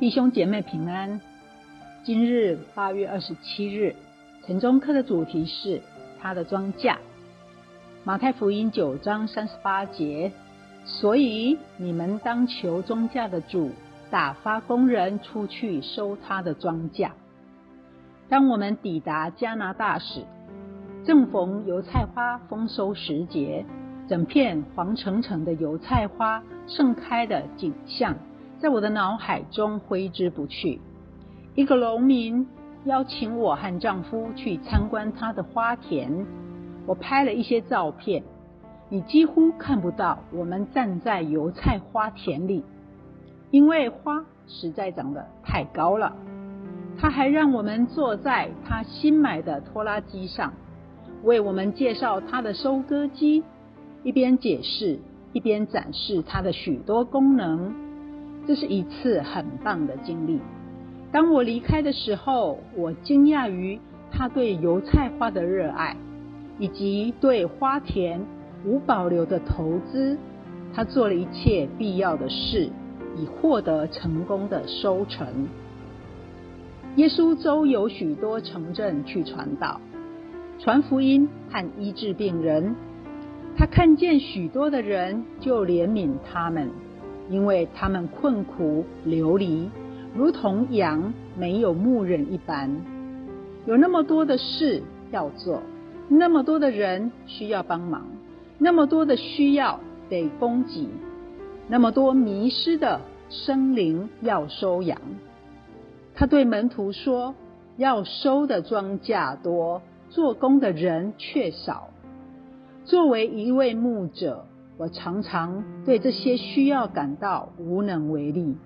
弟兄姐妹平安，今日八月二十七日，晨鐘課的主題是他的莊稼。馬太福音九章三十八節，所以你們當求莊稼的主打發工人出去收他的莊稼。當我們抵達加拿大時，正逢油菜花豐收時節，整片黃澄澄的油菜花盛開的景象。在我的腦海中揮之不去。一個農民邀請我和丈夫去參觀他的花田，我拍了一些照片。你幾乎看不到我們站在油菜花田裡，因為花實在長得太高了。他還讓我們坐在他新買的拖拉機上，為我們介紹他的收割機，一邊解釋一邊展示他的許多功能。這是一次很棒的經歷。當我離開的時候，我驚訝於他對油菜花的熱愛，以及對花田無保留的投資。他做了一切必要的事，以獲得成功的收成。耶穌周有許多城鎮去傳道、傳福音和醫治病人。他看見許多的人，就憐憫他們。因為他們困苦流離，如同羊沒有牧人一般，有那麼多的事要做，那麼多的人需要幫忙，那麼多的需要得供給，那麼多迷失的生靈要收養。他對門徒說：“要收的莊稼多，做工的人卻少。”作為一位牧者，我常常對這些需要感到無能為力，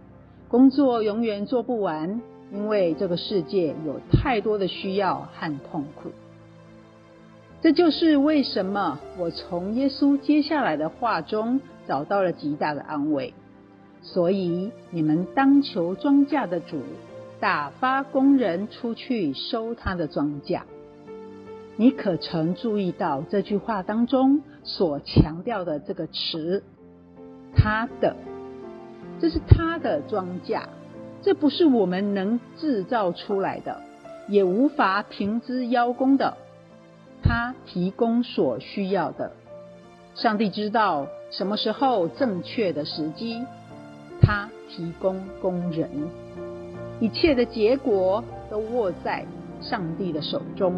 工作永遠做不完，因為這個世界有太多的需要和痛苦。這就是為什麼我從耶穌接下來的話中找到了極大的安慰。所以，你們當求莊稼的主打發工人出去收他的莊稼。你可曾注意到這句話當中所強調的這個詞？他的，這是他的莊稼，這不是我們能制造出來的，也無法憑之邀功的。他提供所需要的，上帝知道什麼時候正確的時機，他提供工人，一切的結果都握在上帝的手中。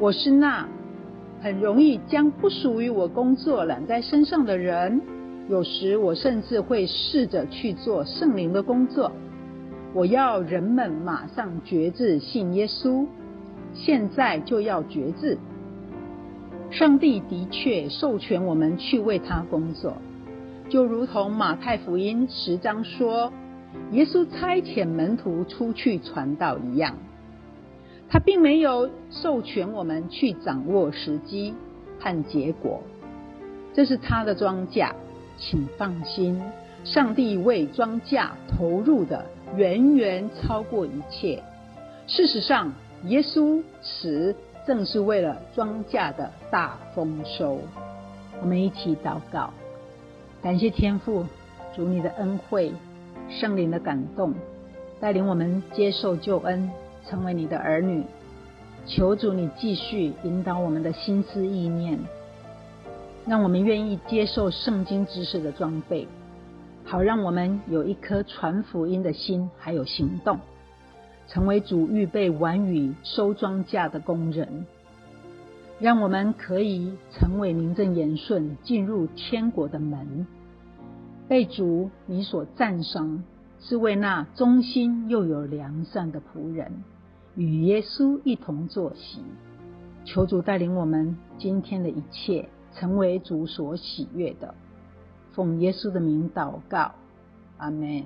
我是那很容易將不屬於我工作攬在身上的人，有時我甚至會試着去做聖靈的工作。我要人們馬上決志信耶穌，現在就要決志。上帝的確授權我們去為他工作，就如同馬太福音十章說，耶穌差遣門徒出去傳道一樣。他並沒有授權我們去掌握時機和結果，這是他的莊稼，請放心，上帝為莊稼投入的遠遠超過一切。事實上，耶穌死正是為了莊稼的大豐收。我們一起禱告，感謝天父，主你的恩惠、聖靈的感動，帶領我們接受救恩。成為你的兒女，求主你繼續引導我們的心思意念，讓我們願意接受聖經知識的裝備，好讓我們有一顆傳福音的心，還有行動，成為主預備晚雨收莊稼的工人，讓我們可以成為名正言順進入天國的門，被主你所讚賞，是為那忠心又有良善的僕人。與耶穌一同坐席，求主帶領我們今天的一切成為主所喜悅的，奉耶穌的名禱告，阿門。